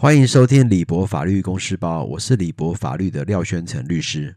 歡迎收聽李博法律公事包，我是李博法律的廖軒成律師。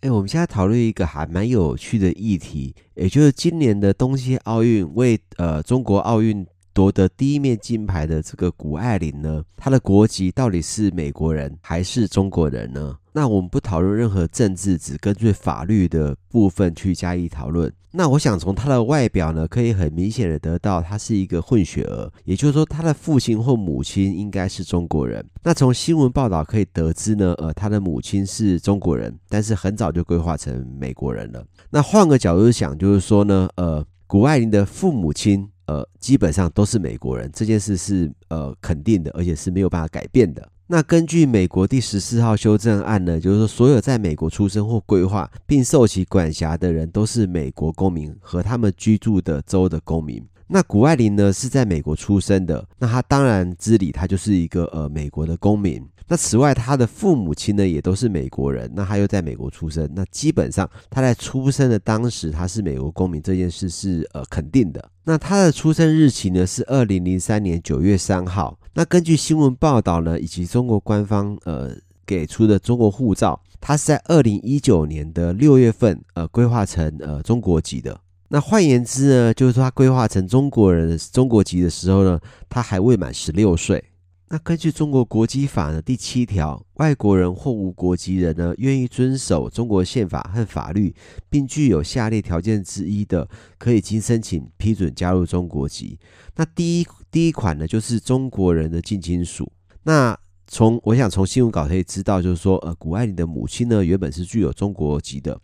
誒，我們現在討論一個還蠻有趣的議題，也就是今年的冬季奧運為呃中國奧運。奪得第一面金牌的這個谷愛凌呢，她的國籍到底是美國人還是中國人呢？那我們不討論任何政治，只根據法律的部分去加以討論。那我想從她的外表呢，可以很明顯的得到她是一個混血兒，也就是說她的父親或母親應該是中國人。那從新聞報道可以得知呢，呃，她的母親是中國人，但是很早就歸化成美國人了。那換個角度想，就是說呢，呃，谷愛凌的父母親。呃，基本上都是美國人，這件事是呃肯定的，而且是沒有辦法改變的。那根據美國第十四號修正案呢，就是說所有在美國出生或歸化並受其管轄的人都是美國公民和他們居住的州的公民。那谷愛凌呢是在美國出生的，那他當然知理，他就是一個呃美國的公民。那此外，他的父母親呢也都是美國人，那他又在美國出生，那基本上他在出生的當時，他是美國公民這件事是呃肯定的。那他的出生日期呢是二零零三年九月三號。那根據新聞報道呢，以及中國官方呃給出的中國護照，他是在二零一九年的六月份呃歸化成呃中國籍的。那換言之呢，就是說他歸化成中國人中國籍的時候呢，他還未滿十六歲。那根據中國國籍法的第七條，外國人或無國籍人呢，願意遵守中國憲法和法律，并具有下列條件之一的，可以經申請批准加入中國籍。那第一第一款呢，就是中國人的近親屬。那從我想從新聞稿可以知道，就是說呃，谷愛凌的母親呢，原本是具有中國籍的，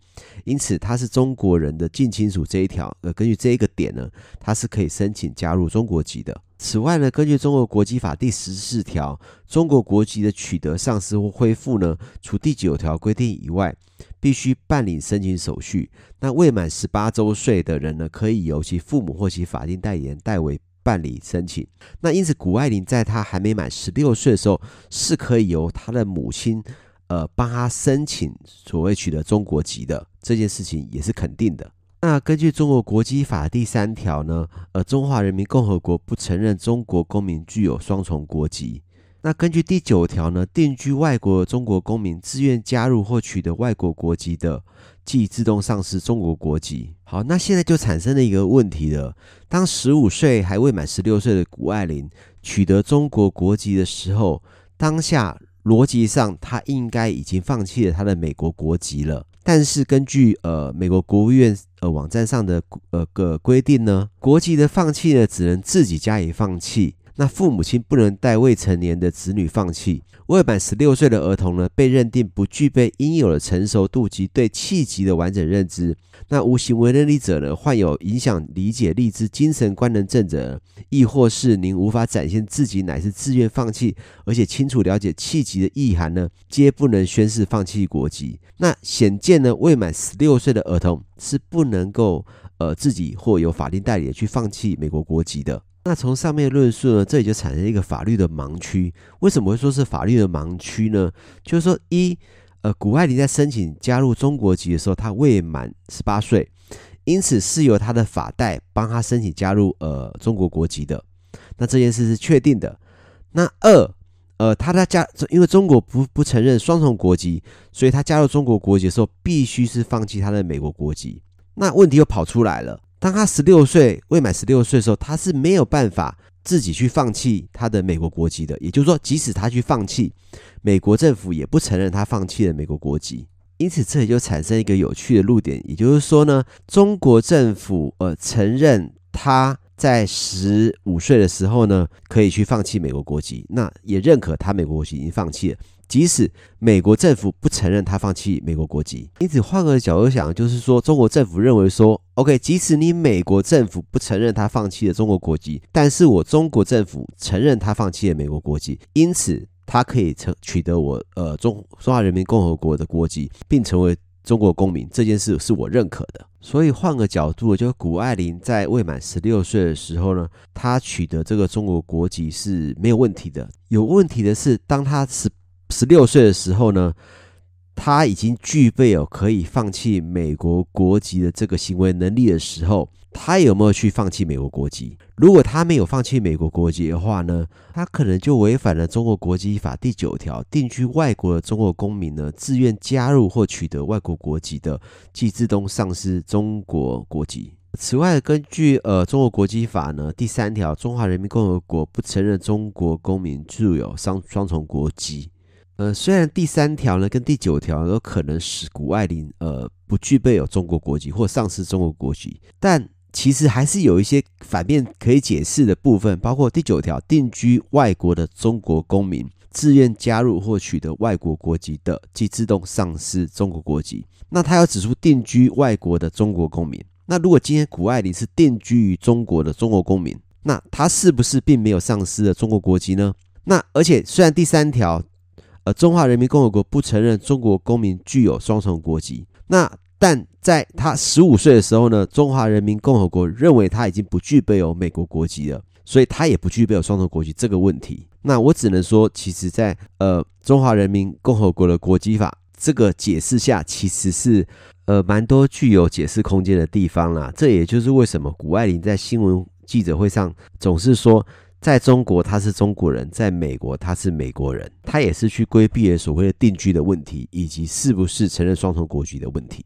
因此她是中國人的近親屬這一條，呃，根據這一個點呢，她是可以申請加入中國籍的。此外呢，根據《中國國籍法》第十四條，中國國籍的取得、喪失或恢復呢，除第九條規定以外，必須辦理申請手續。那未滿十八週歲的人呢，可以由其父母或其法定代言代為辦理申請。那因此，谷愛凌在她還沒滿十六歲的時候，是可以由她的母親，呃，幫她申請所謂取得中國籍的這件事情，也是肯定的。那根據中國國籍法第三條呢，呃，中華人民共和國不承認中國公民具有雙重國籍。那根據第九條呢，定居外國的中國公民自願加入或取得外國國籍的，即自動喪失中國國籍。好，那現在就產生了一個問題了，當十五歲還未滿十六歲的谷愛凌取得中國國籍的時候，當下邏輯上他應該已經放棄了他的美國國籍了。但是根據呃美國國務院呃網站上的呃呃個規定呢，國籍的放棄呢只能自己加以放棄。那父母親不能帶未成年的子女放棄，未滿十六歲的兒童呢，被認定不具備應有的成熟度及對棄籍的完整認知。那無行為能力者呢，患有影響理解力之精神官能症者，亦或是您無法展現自己乃是自願放棄，而且清楚了解棄籍的意涵呢，皆不能宣誓放棄國籍。那顯見呢，未滿十六歲的兒童是不能夠呃自己或有法定代理去放棄美國國籍的。那從上面論述呢，這裡就產生一個法律的盲區。為什麼會說是法律的盲區呢？就是說，一，呃，谷愛凌在申請加入中國籍的時候，他未滿十八歲，因此是由他的法代幫他申請加入呃中國國籍的。那這件事是確定的。那二，呃，他在加，因為中國不不承認雙重國籍，所以他加入中國國籍的時候，必須是放棄他的美國國籍。那問題又跑出來了。當他十六歲，未滿十六歲的時候，他是沒有辦法自己去放棄他的美國國籍的。也就是說，即使他去放棄，美國政府也不承認他放棄了美國國籍。因此，這裡就產生一個有趣的路點，也就是說呢，中國政府呃承認他。在十五歲的時候呢，可以去放棄美國國籍，那也認可他美國國籍已經放棄了。即使美國政府不承認他放棄美國國籍，因此換個角度想，就是說，中國政府認為說，OK，即使你美國政府不承認他放棄了中國國籍，但是我中國政府承認他放棄了美國國籍，因此他可以成取得我呃中中華人民共和國的國籍，並成為。中國公民這件事是我認可的，所以換個角度，就谷愛凌在未滿十六歲的時候呢，她取得這個中國國籍是沒有問題的。有問題的是，當她十十六歲的時候呢，她已經具備有可以放棄美國國籍的這個行為能力的時候。他有沒有去放棄美國國籍？如果他沒有放棄美國國籍的話呢，他可能就違反了中國國籍法第九條，定居外國的中國公民呢，自願加入或取得外國國籍的，即自動喪失中國國籍。此外，根據呃中國國籍法呢，第三條，中華人民共和國不承認中國公民具有雙雙重國籍。呃，雖然第三條呢跟第九條有可能使谷愛凌呃不具備有中國國籍或喪失中國國籍，但。其實還是有一些反面可以解釋的部分，包括第九條：定居外國的中國公民自願加入或取得外國國籍的，即自動喪失中國國籍。那他要指出定居外國的中國公民，那如果今天谷愛凌是定居於中國的中國公民，那他是不是並沒有喪失了中國國籍呢？那而且雖然第三條，呃，中華人民共和國不承認中國公民具有雙重國籍，那，但在他十五歲的時候呢，中華人民共和國認為他已經不具備有美國國籍了，所以他也不具備有雙重國籍這個問題。那我只能說，其實在，在呃中華人民共和國的國籍法這個解釋下，其實是呃蠻多具有解釋空間的地方啦。這也就是為什麼谷愛凌在新聞記者會上總是說，在中國他是中國人，在美國他是美國人，他也是去規避了所謂的定居的問題，以及是不是承認雙重國籍的問題。